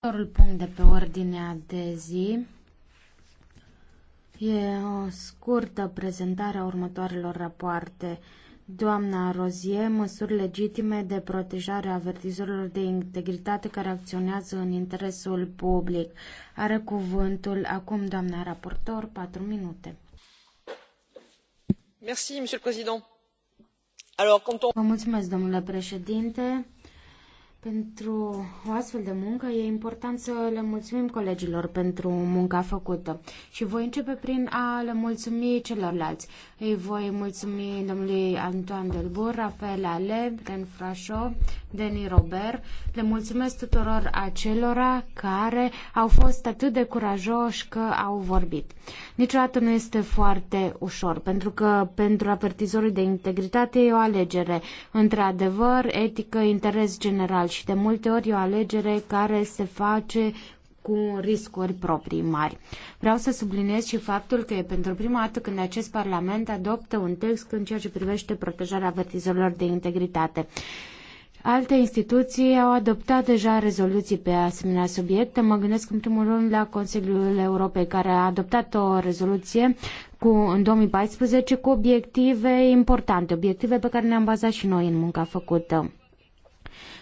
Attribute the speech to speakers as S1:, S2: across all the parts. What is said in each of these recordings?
S1: Următorul punct de pe ordinea de zi e o scurtă prezentare a următoarelor rapoarte. Doamna Rozie, măsuri legitime de protejare a avertizorilor de integritate care acționează în interesul public. Are cuvântul acum doamna raportor, 4 minute.
S2: Merci, monsieur le président.
S1: Alors, quand on... Vă mulțumesc, domnule președinte. Pentru o astfel de muncă e important să le mulțumim colegilor pentru munca făcută și voi începe prin a le mulțumi celorlalți. Îi voi mulțumi domnului Antoine Delbur, Rafael Ale, Ren Frașo, Denis Robert. Le mulțumesc tuturor acelora care au fost atât de curajoși că au vorbit. Niciodată nu este foarte ușor, pentru că pentru avertizorul de integritate e o alegere între adevăr, etică, interes general și și de multe ori e o alegere care se face cu riscuri proprii mari. Vreau să subliniez și faptul că e pentru prima dată când acest Parlament adoptă un text în ceea ce privește protejarea avertizorilor de integritate. Alte instituții au adoptat deja rezoluții pe asemenea subiecte. Mă gândesc în primul rând la Consiliul Europei, care a adoptat o rezoluție cu, în 2014 cu obiective importante, obiective pe care ne-am bazat și noi în munca făcută.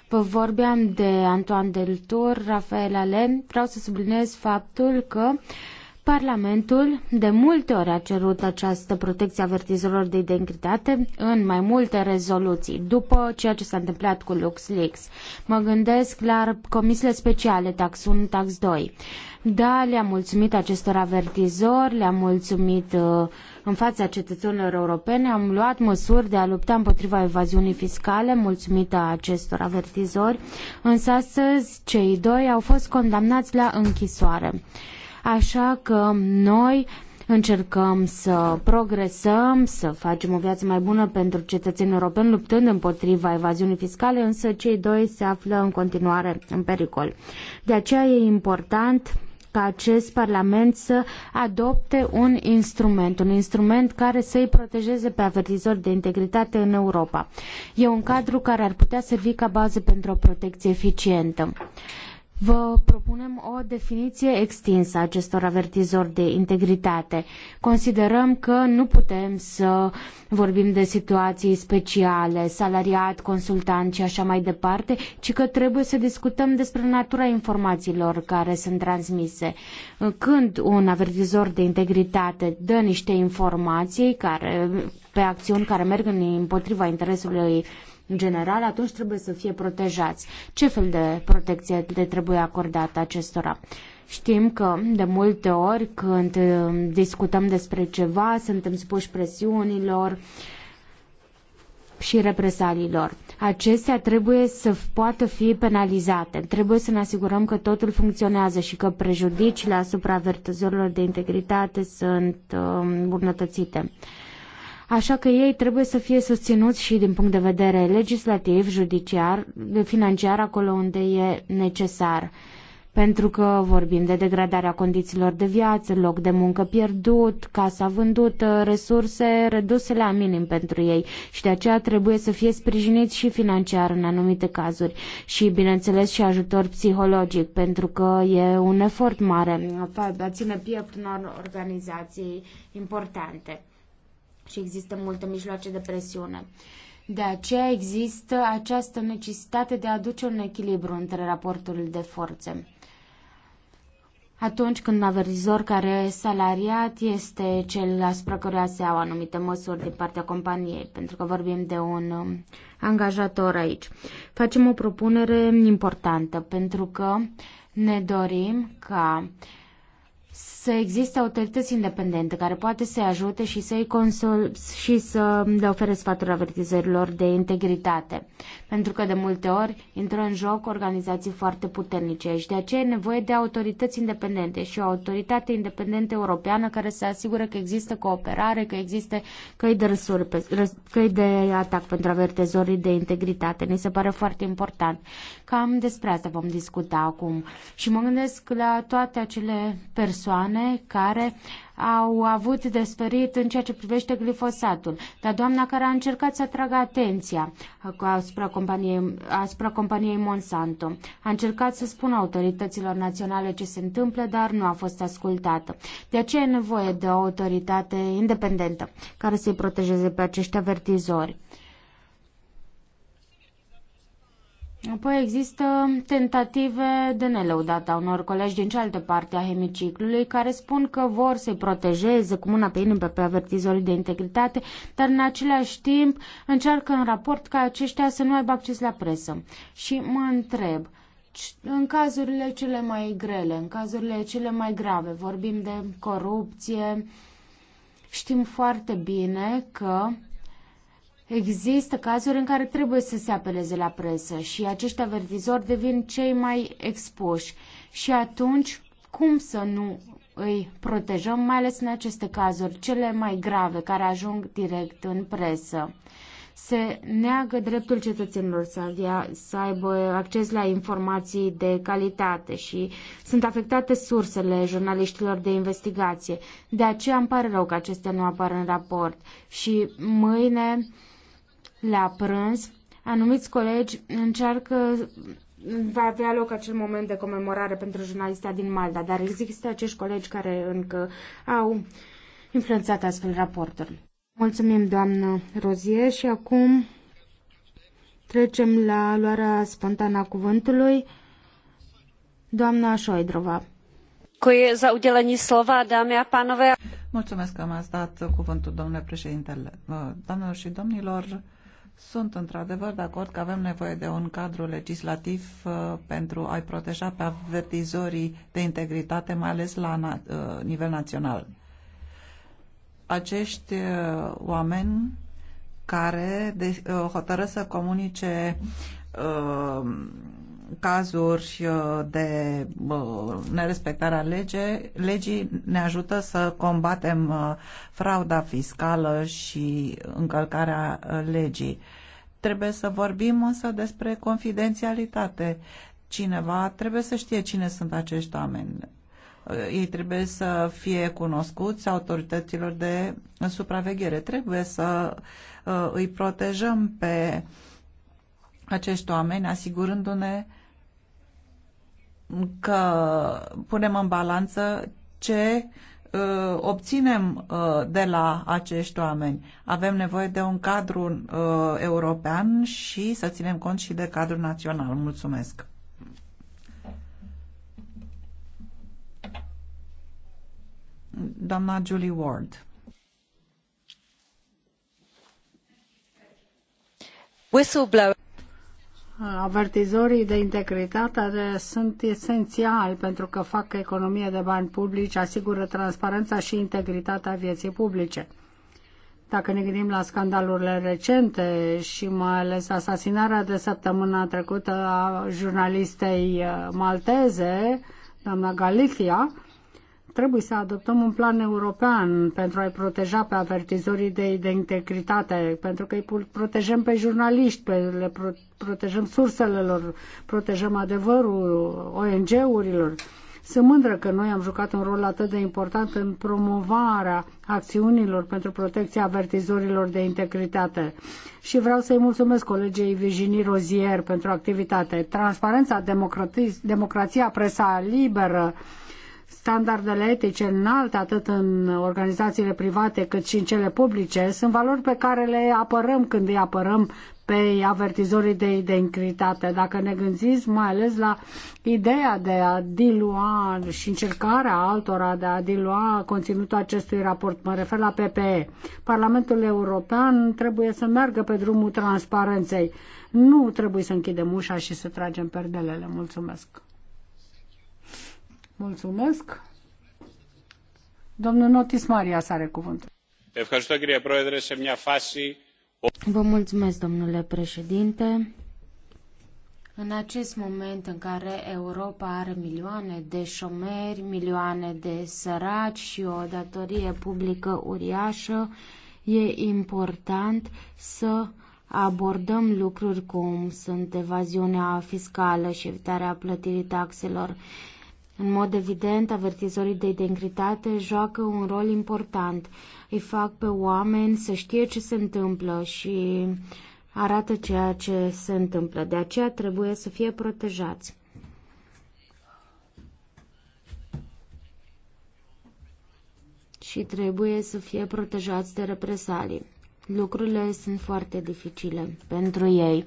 S1: Vă vorbeam de Antoine Deltour, Rafael Allen. Vreau să subliniez faptul că Parlamentul de multe ori a cerut această protecție a avertizorilor de identitate în mai multe rezoluții, după ceea ce s-a întâmplat cu LuxLeaks. Mă gândesc la comisiile speciale Tax 1, Tax 2. Da, le-am mulțumit acestor avertizori, le-am mulțumit uh, în fața cetățenilor europene, am luat măsuri de a lupta împotriva evaziunii fiscale, mulțumită acestor avertizori, însă astăzi cei doi au fost condamnați la închisoare. Uh, Așa că noi încercăm să progresăm, să facem o viață mai bună pentru cetățenii europeni, luptând împotriva evaziunii fiscale, însă cei doi se află în continuare în pericol. De aceea e important ca acest Parlament să adopte un instrument, un instrument care să i protejeze pe avertizori de integritate în Europa. E un cadru care ar putea servi ca bază pentru o protecție eficientă. Vă propunem o definiție extinsă a acestor avertizori de integritate. Considerăm că nu putem să vorbim de situații speciale, salariat, consultant și așa mai departe, ci că trebuie să discutăm despre natura informațiilor care sunt transmise. Când un avertizor de integritate dă niște informații care, pe acțiuni care merg împotriva interesului în general, atunci trebuie să fie protejați. Ce fel de protecție le trebuie acordată acestora? Știm că de multe ori când um, discutăm despre ceva, suntem supuși presiunilor și represaliilor. Acestea trebuie să poată fi penalizate. Trebuie să ne asigurăm că totul funcționează și că prejudiciile asupra avertizorilor de integritate sunt um, îmbunătățite. Uh, Așa că ei trebuie să fie susținuți și din punct de vedere legislativ, judiciar, financiar, acolo unde e necesar. Pentru că vorbim de degradarea condițiilor de viață, loc de muncă pierdut, casa vândută, resurse reduse la minim pentru ei și de aceea trebuie să fie sprijiniți și financiar în anumite cazuri și, bineînțeles, și ajutor psihologic, pentru că e un efort mare a ține pieptul unor organizații importante și există multe mijloace de presiune. De aceea există această necesitate de a aduce un echilibru între raportul de forțe. Atunci când un avertizor care salariat este cel asupra căruia se au anumite măsuri din partea companiei, pentru că vorbim de un um, angajator aici. Facem o propunere importantă pentru că ne dorim ca să existe autorități independente care poate să-i ajute și să-i consol și să le ofere sfaturi avertizărilor de integritate. Pentru că de multe ori intră în joc organizații foarte puternice și de aceea e nevoie de autorități independente și o autoritate independentă europeană care să asigure că există cooperare, că există căi de, răsuri, căi de atac pentru avertizorii de integritate. Mi se pare foarte important. Cam despre asta vom discuta acum. Și mă gândesc la toate acele persoane persoane care au avut de în ceea ce privește glifosatul. Dar doamna care a încercat să atragă atenția asupra companiei, asupra companiei Monsanto a încercat să spună autorităților naționale ce se întâmplă, dar nu a fost ascultată. De aceea e nevoie de o autoritate independentă care să-i protejeze pe acești avertizori. Apoi există tentative de nelăudată a unor colegi din cealaltă parte a hemiciclului care spun că vor să-i protejeze cu mâna pe inimă pe avertizorul de integritate, dar în același timp încearcă în raport ca aceștia să nu aibă acces la presă. Și mă întreb, în cazurile cele mai grele, în cazurile cele mai grave, vorbim de corupție, știm foarte bine că Există cazuri în care trebuie să se apeleze la presă și acești avertizori devin cei mai expuși și atunci cum să nu îi protejăm, mai ales în aceste cazuri, cele mai grave care ajung direct în presă. Se neagă dreptul cetățenilor să, avea, să aibă acces la informații de calitate și sunt afectate sursele jurnaliștilor de investigație. De aceea îmi pare rău că acestea nu apar în raport și mâine la prânz. Anumiți colegi încearcă va avea loc acel moment de comemorare pentru jurnalista din Malta, dar există acești colegi care încă au influențat astfel raportul. Mulțumim, doamnă Rozie, și acum trecem la luarea spontană a cuvântului. Doamna Șoidrova.
S3: za udělení slova, dámy a pánové. Mulțumesc că m ați dat cuvântul, domnule președinte. Doamnelor și domnilor, sunt într-adevăr de acord că avem nevoie de un cadru legislativ uh, pentru a-i proteja pe avertizorii de integritate, mai ales la uh, nivel național. Acești uh, oameni care hotără să comunice cazuri uh, de uh, nerespectarea lege, legii ne ajută să combatem uh, frauda fiscală și încălcarea legii. Trebuie să vorbim însă despre confidențialitate. Cineva trebuie să știe cine sunt acești oameni. Ei trebuie să fie cunoscuți autorităților de supraveghere. Trebuie să îi protejăm pe acești oameni, asigurându-ne că punem în balanță ce uh, obținem uh, de la acești oameni. Avem nevoie de un cadru uh, european și să ținem cont și de cadrul național. Mulțumesc! Doamna Julie Ward. Whistleblower.
S2: Avertizorii de integritate sunt esențiali pentru că fac economie de bani publici, asigură transparența și integritatea vieții publice. Dacă ne gândim la scandalurile recente și mai ales asasinarea de săptămâna trecută a jurnalistei malteze, doamna Galicia, trebuie să adoptăm un plan european pentru a-i proteja pe avertizorii de, de integritate, pentru că îi protejăm pe jurnaliști, pe, le pro, protejăm sursele lor, protejăm adevărul ONG-urilor. Sunt mândră că noi am jucat un rol atât de important în promovarea acțiunilor pentru protecția avertizorilor de integritate. Și vreau să-i mulțumesc colegei Virginie Rozier pentru activitate. Transparența, democrația, presa liberă, Standardele etice înalte, atât în organizațiile private cât și în cele publice, sunt valori pe care le apărăm când îi apărăm pe avertizorii de identitate. Dacă ne gândiți mai ales la ideea de a dilua și încercarea altora de a dilua conținutul acestui raport, mă refer la PPE, Parlamentul European trebuie să meargă pe drumul transparenței. Nu trebuie să închidem ușa și să tragem perdelele. Mulțumesc!
S1: Mulțumesc. Domnul Notis Maria are cuvântul. Vă mulțumesc, domnule președinte. În acest moment în care Europa are milioane de șomeri, milioane de săraci și o datorie publică uriașă, e important să abordăm lucruri cum sunt evaziunea fiscală și evitarea plătirii taxelor. În mod evident, avertizorii de identitate joacă un rol important. Îi fac pe oameni să știe ce se întâmplă și arată ceea ce se întâmplă. De aceea trebuie să fie protejați. Și trebuie să fie protejați de represalii. Lucrurile sunt foarte dificile pentru ei.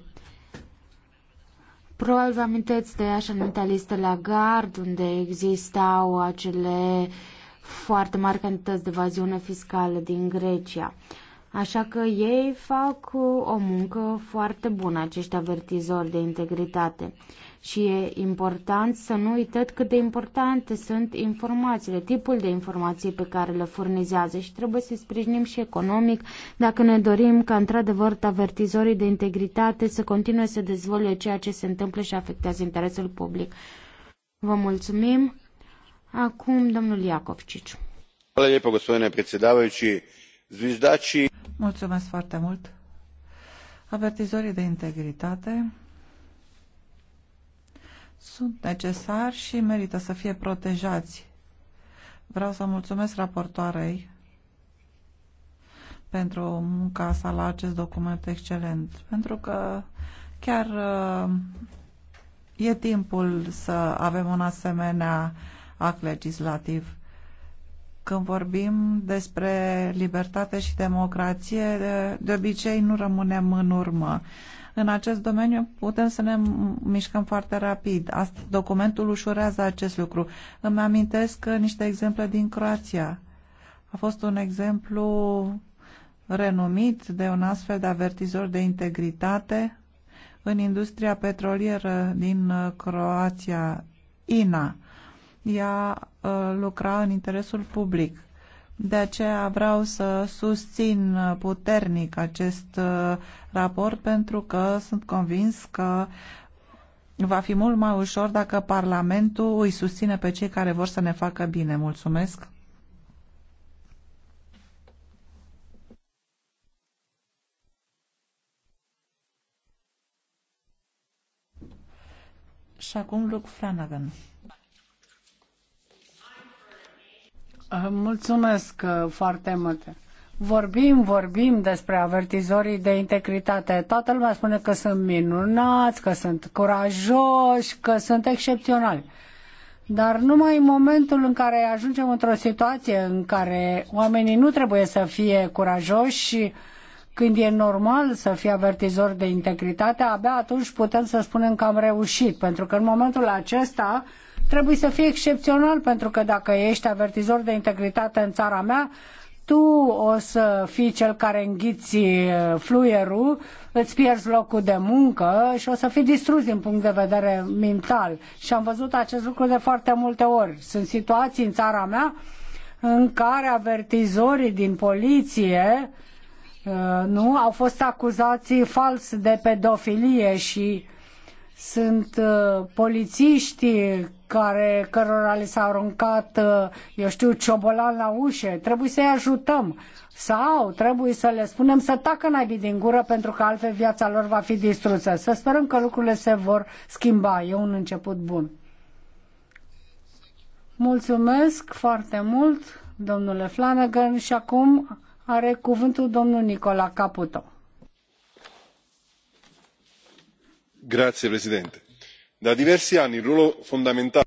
S1: Probabil vă amintiți de așa numită listă la gard, unde existau acele foarte mari cantități de evaziune fiscală din Grecia. Așa că ei fac o muncă foarte bună, acești avertizori de integritate și e important să nu uităm cât de importante sunt informațiile, tipul de informații pe care le furnizează și trebuie să sprijinim și economic dacă ne dorim ca într-adevăr avertizorii de integritate să continue să dezvolte ceea ce se întâmplă și afectează interesul public. Vă mulțumim. Acum domnul Iacovcici.
S2: Hvala
S3: Mulțumesc foarte mult. Avertizorii de integritate sunt necesari și merită să fie protejați. Vreau să mulțumesc raportoarei pentru munca sa la acest document excelent, pentru că chiar uh, e timpul să avem un asemenea act legislativ. Când vorbim despre libertate și democrație, de, de obicei nu rămânem în urmă. În acest domeniu putem să ne mișcăm foarte rapid. Documentul ușurează acest lucru. Îmi amintesc niște exemple din Croația. A fost un exemplu renumit de un astfel de avertizor de integritate în industria petrolieră din uh, Croația, INA. Ea uh, lucra în interesul public de aceea vreau să susțin puternic acest uh, raport pentru că sunt convins că va fi mult mai ușor dacă Parlamentul îi susține pe cei care vor să ne facă bine. Mulțumesc! Și acum Luc Flanagan.
S2: Eh, mulțumesc eh, foarte mult. Vorbim, vorbim despre avertizorii de integritate. Toată lumea spune că sunt minunați, că sunt curajoși, că sunt excepționali. Dar numai în momentul în care ajungem într-o situație în care oamenii nu trebuie să fie curajoși, când e normal să fie avertizor de integritate, abia atunci putem să spunem că am reușit, pentru că în momentul acesta trebuie să fie excepțional, pentru că dacă ești avertizor de integritate în țara mea, tu o să fii cel care înghiți fluierul, îți pierzi locul de muncă și o să fii distrus din punct de vedere mental. Și am văzut acest lucru de foarte multe ori. Sunt situații în țara mea în care avertizorii din poliție nu au fost acuzații fals de pedofilie și sunt polițiști care, cărora li s-a aruncat, uh, eu știu, ciobolan la ușe. Trebuie să-i ajutăm. Sau trebuie să le spunem să tacă naibii din gură pentru că altfel viața lor va fi distrusă. Să sperăm că lucrurile se vor schimba. E un început bun. Mulțumesc foarte mult, domnule Flanagan, și acum are cuvântul domnul Nicola Caputo.
S3: Grazie, președinte da diversi anni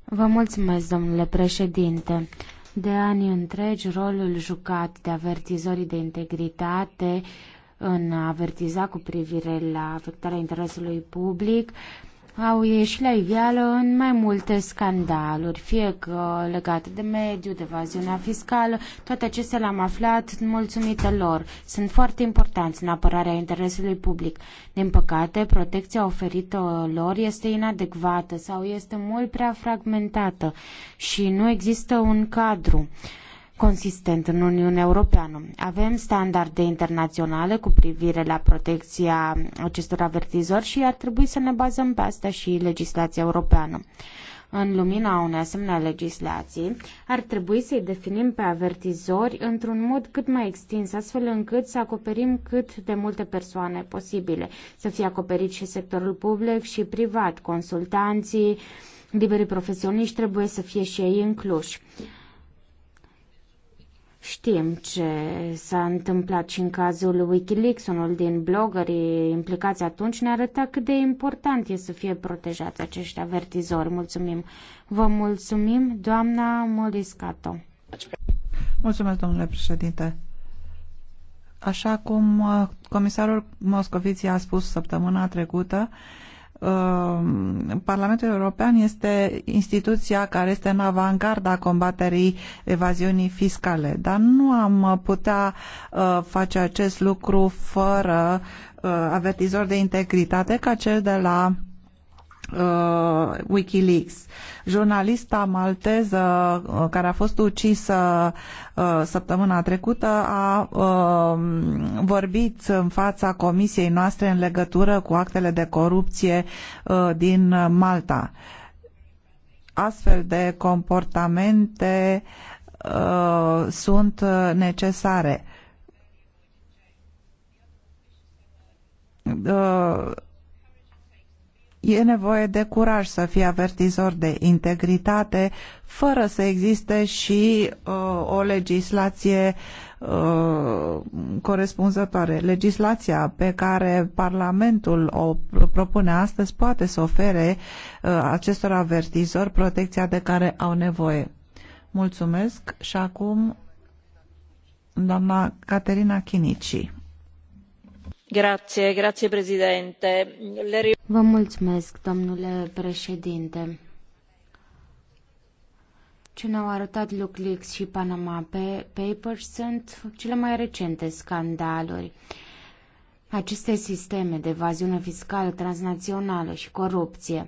S1: Vă mulțumesc, domnule președinte. De ani întregi, rolul jucat de avertizorii de integritate în a avertiza cu privire la afectarea interesului public au ieșit la iveală în mai multe scandaluri, fie că legate de mediu, de evaziunea fiscală, toate acestea le-am aflat mulțumită lor. Sunt foarte importanți în apărarea interesului public. Din păcate, protecția oferită lor este inadecvată sau este mult prea fragmentată și nu există un cadru. Uh, consistent în Uniunea Europeană. Avem standarde internaționale cu privire la protecția acestor avertizori și ar trebui să ne bazăm pe asta și legislația europeană. În lumina unei asemenea legislații, ar trebui să-i definim pe avertizori într-un mod cât mai extins, astfel încât să acoperim cât de multe persoane posibile, să fie acoperit și sectorul public și privat, consultanții, liberii profesioniști trebuie să fie și ei incluși. Știm ce s-a întâmplat și în cazul Wikileaks, unul din blogării implicați atunci ne arăta cât de important e să fie protejați acești avertizori. Mulțumim! Vă mulțumim, doamna Moliscato. Mulțumesc, domnule președinte.
S3: Așa cum uh, comisarul Moscovici a spus săptămâna trecută, uh, Um, Parlamentul European este instituția care este în avangarda combaterii evaziunii fiscale, dar nu am putea uh, face acest lucru fără uh, avertizor de integritate ca cel de la uh, Wikileaks. Jurnalista malteză uh, care a fost ucisă uh, săptămâna trecută a uh, vorbit în fața comisiei noastre în legătură cu actele de corupție uh, din Malta. Astfel de comportamente uh, sunt necesare. Uh, E nevoie de curaj să fii avertizor de integritate, fără să existe și uh, o legislație uh, corespunzătoare. Legislația pe care Parlamentul o propune astăzi poate să ofere uh, acestor avertizori protecția de care au nevoie. Mulțumesc și acum doamna
S1: Caterina Chinici. Vă mulțumesc, domnule președinte. Ce ne-au arătat LuxLeaks și Panama Papers sunt cele mai recente scandaluri. Aceste sisteme de evaziune fiscală transnațională și corupție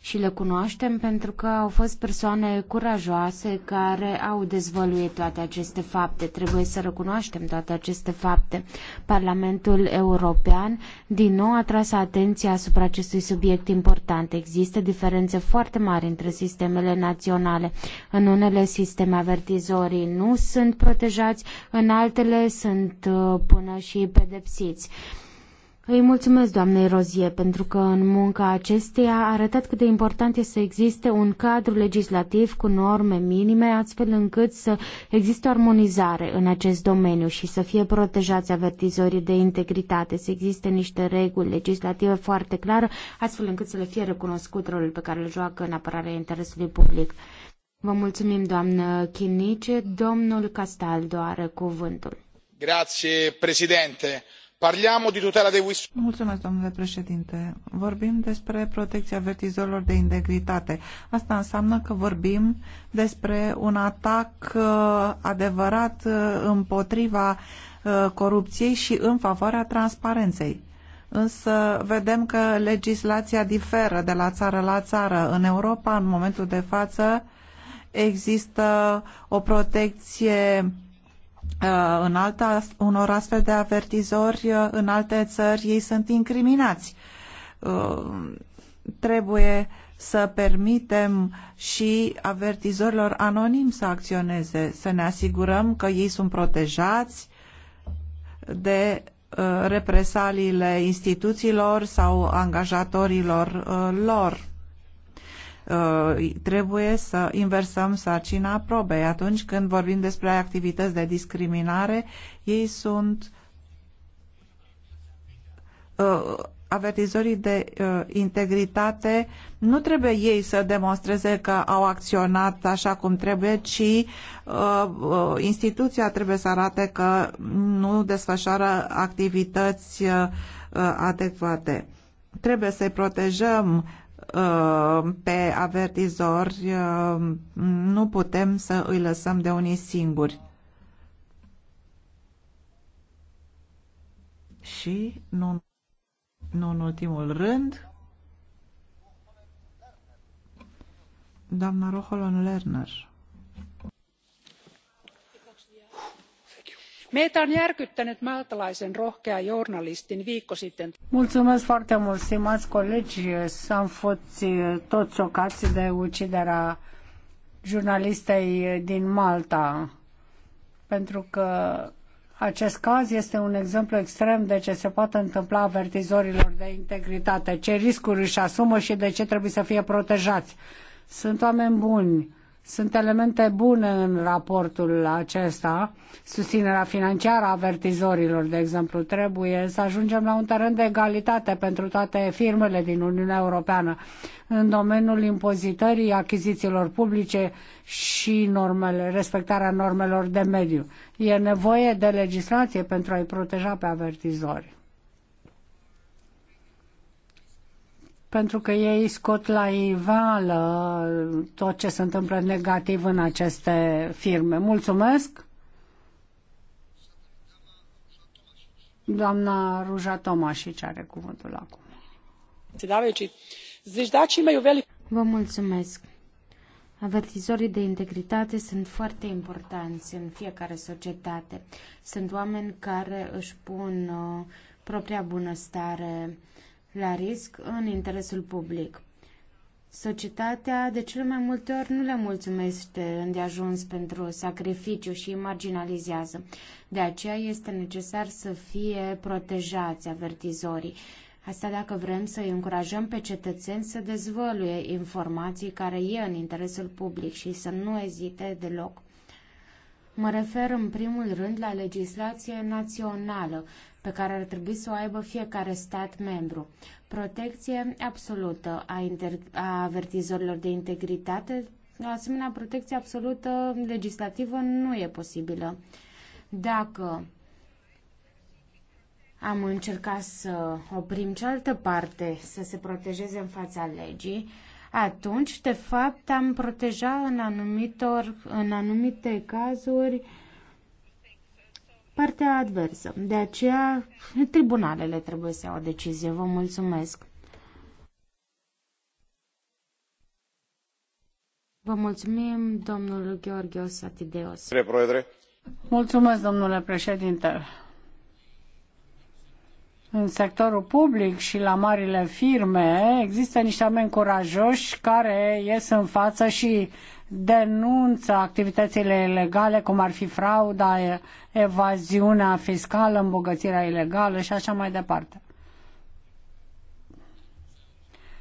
S1: și le cunoaștem pentru că au fost persoane curajoase care au dezvăluit toate aceste fapte. Trebuie să recunoaștem toate aceste fapte. Parlamentul European din nou a tras atenția asupra acestui subiect important. Există diferențe foarte mari între sistemele naționale. În unele sisteme avertizorii nu sunt protejați, în altele sunt uh, până și pedepsiți. Îi mulțumesc doamnei Rozie pentru că în munca acesteia a arătat cât de important este să existe un cadru legislativ cu norme minime, astfel încât să existe o armonizare în acest domeniu și să fie protejați avertizorii de integritate, să existe niște reguli legislative foarte clare, astfel încât să le fie recunoscut rolul pe care îl joacă în apărarea interesului public. Vă mulțumim, doamnă Chinice. Domnul Castaldo are cuvântul.
S3: Grazie, președinte Parliamo di tutela dei whistleblower.
S1: Mulțumesc, domnule președinte.
S3: Vorbim despre protecția avertizorilor de integritate. Asta înseamnă că vorbim despre un atac uh, adevărat uh, împotriva uh, corupției și în favoarea transparenței. Însă vedem că legislația diferă de la țară la țară. În Europa, în momentul de față, există o protecție Uh, în alta, unor astfel de avertizori uh, în alte țări, ei sunt incriminați. Uh, trebuie să permitem și avertizorilor anonim să acționeze, să ne asigurăm că ei sunt protejați de represaliile instituțiilor sau angajatorilor lor. Uh, trebuie să inversăm sarcina probei. Atunci când vorbim despre activități de discriminare, ei sunt uh, avertizorii de uh, integritate nu trebuie ei să demonstreze că au acționat așa cum trebuie, ci uh, uh instituția trebuie să arate că nu desfășoară activități uh, adecvate. Trebuie să-i protejăm Uh, pe avertizori uh, nu putem să îi lăsăm de unii singuri. Și nu, nu în ultimul rând, doamna Roholon Lerner. meitä on
S2: järkyttänyt maltalaisen rohkean jurnalistin viikko sitten. Mulțumesc foarte mult, stimați colegi. Am fost toți șocați de uciderea jurnalistei din Malta, pentru că acest caz este un exemplu extrem de ce se poate întâmpla avertizorilor de integritate, ce riscuri își asumă și de ce trebuie să fie protejați. Sunt oameni buni sunt elemente bune în raportul acesta, susținerea financiară a avertizorilor, de exemplu. Trebuie să ajungem la un teren de egalitate pentru toate firmele din Uniunea Europeană în domeniul impozitării achizițiilor publice și normele, respectarea normelor de mediu. E nevoie de legislație pentru a-i proteja pe avertizori. pentru că ei scot la iveală tot ce se întâmplă negativ în aceste firme. Mulțumesc! Doamna Ruja Tomașici are cuvântul acum.
S1: Da, Vă mulțumesc! Avertizorii de integritate sunt foarte importanți în fiecare societate. Sunt oameni care își pun uh, propria bunăstare uh, la risc în interesul public. Societatea de cele mai multe ori nu le mulțumește îndeajuns pentru sacrificiu și îi marginalizează. De aceea este necesar să fie protejați avertizorii. Asta dacă vrem să îi încurajăm pe cetățeni să dezvăluie informații care e în interesul public și să nu ezite deloc. Mă refer în primul rând la legislație națională pe care ar trebui să o aibă fiecare stat membru. Protecție absolută a, inter- a avertizorilor de integritate, de asemenea protecție absolută legislativă nu e posibilă. Dacă am încercat să oprim cealaltă parte să se protejeze în fața legii, atunci, de fapt, am proteja în, anumitor, în anumite cazuri partea adversă. De aceea, tribunalele trebuie să iau o decizie. Vă mulțumesc! Vă mulțumim,
S2: domnul Gheorghe Satideos. Mulțumesc, domnule președinte în sectorul public și la marile firme, există niște oameni curajoși care ies în față și denunță activitățile ilegale, cum ar fi frauda, evaziunea fiscală, îmbogățirea ilegală și așa mai departe.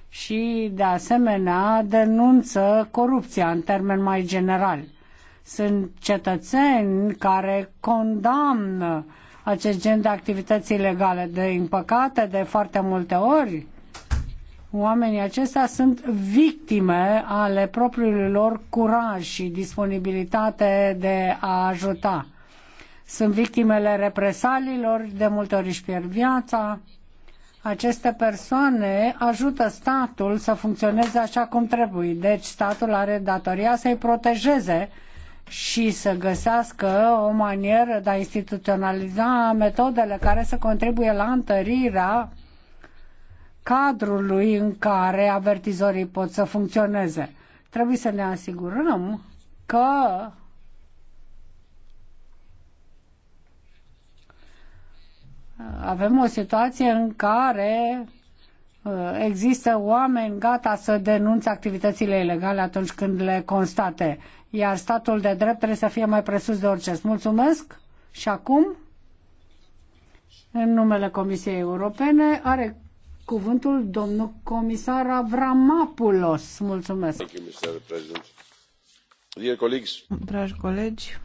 S2: Și, de asemenea, denunță corupția în termen mai general. Sunt cetățeni care condamnă uh, acest gen de activități ilegale. de împăcate, de foarte multe ori, oamenii acestea sunt victime ale propriului lor curaj și disponibilitate de a ajuta. Sunt victimele represaliilor, de multe ori își pierd viața. Aceste persoane ajută statul să funcționeze așa cum trebuie, deci statul are datoria să-i protejeze și să găsească o manieră de a instituționaliza metodele care să contribuie la întărirea cadrului în care avertizorii pot să funcționeze. Trebuie să ne asigurăm că avem o situație în care uh, există oameni gata să denunțe activitățile ilegale atunci când le constate iar statul de drept trebuie să fie mai presus de orice. Mulțumesc și acum, în numele Comisiei Europene, are cuvântul domnul comisar Avramopoulos. Mulțumesc.
S3: Dragi colegi,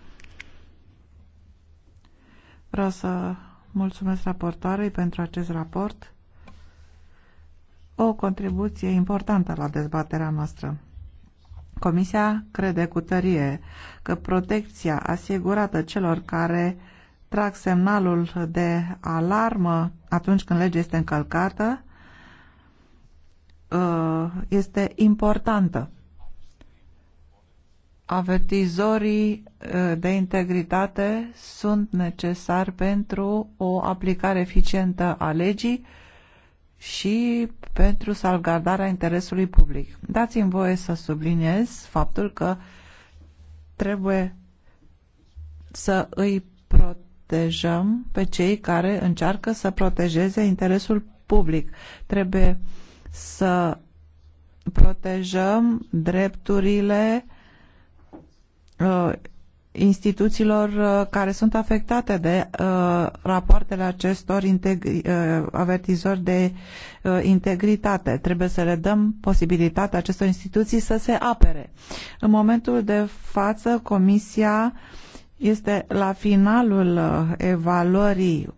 S3: vreau să mulțumesc raportoarei pentru acest raport, o contribuție importantă la dezbaterea noastră. Comisia crede cu tărie că protecția asigurată celor care trag semnalul de alarmă atunci când legea este încălcată ă, este importantă. Avertizorii ă, de integritate sunt necesari pentru o aplicare eficientă a legii și pentru salvgardarea interesului public. Dați-mi voie să subliniez faptul că trebuie să îi protejăm pe cei care încearcă să protejeze interesul public. Trebuie să protejăm drepturile uh, instituțiilor uh, care sunt afectate de uh, rapoartele acestor uh, avertizori de integritate. Trebuie să le dăm posibilitatea acestor instituții să se apere. În momentul de față, Comisia este la finalul evaluării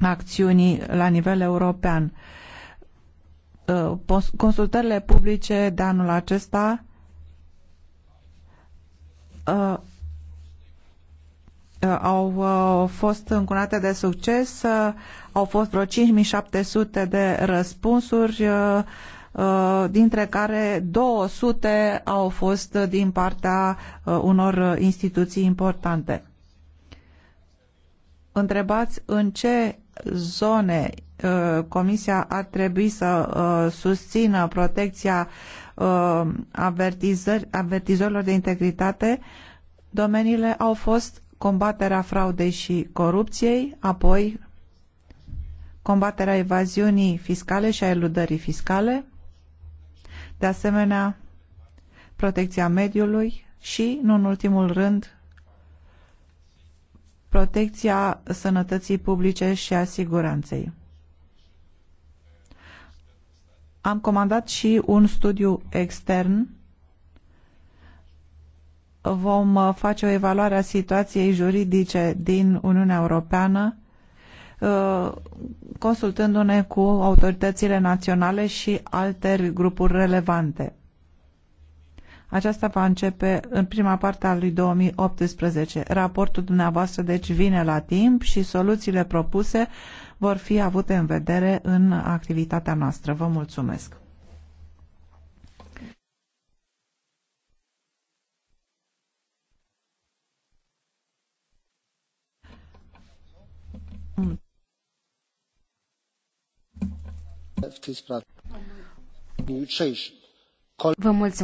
S3: acțiunii la nivel european. Consultările publice de anul acesta Uh, au uh, fost încunate de succes, uh, au fost vreo 5700 de răspunsuri, dintre care 200 au fost din partea unor instituții importante. Întrebați în ce zone Comisia ar trebui să susțină protecția avertizorilor de integritate, domeniile au fost combaterea fraudei și corupției, apoi combaterea evaziunii fiscale și a eludării fiscale, de asemenea protecția mediului și, nu în ultimul rând, protecția sănătății publice și a siguranței. Am comandat și un studiu extern vom uh, face o evaluare a situației juridice din Uniunea Europeană uh, consultându-ne cu autoritățile naționale și alte grupuri relevante. Aceasta va începe în prima parte a lui 2018. Raportul dumneavoastră deci vine la timp și soluțiile propuse vor fi avute în vedere în activitatea noastră. Vă mulțumesc!
S1: Vă mulțumesc.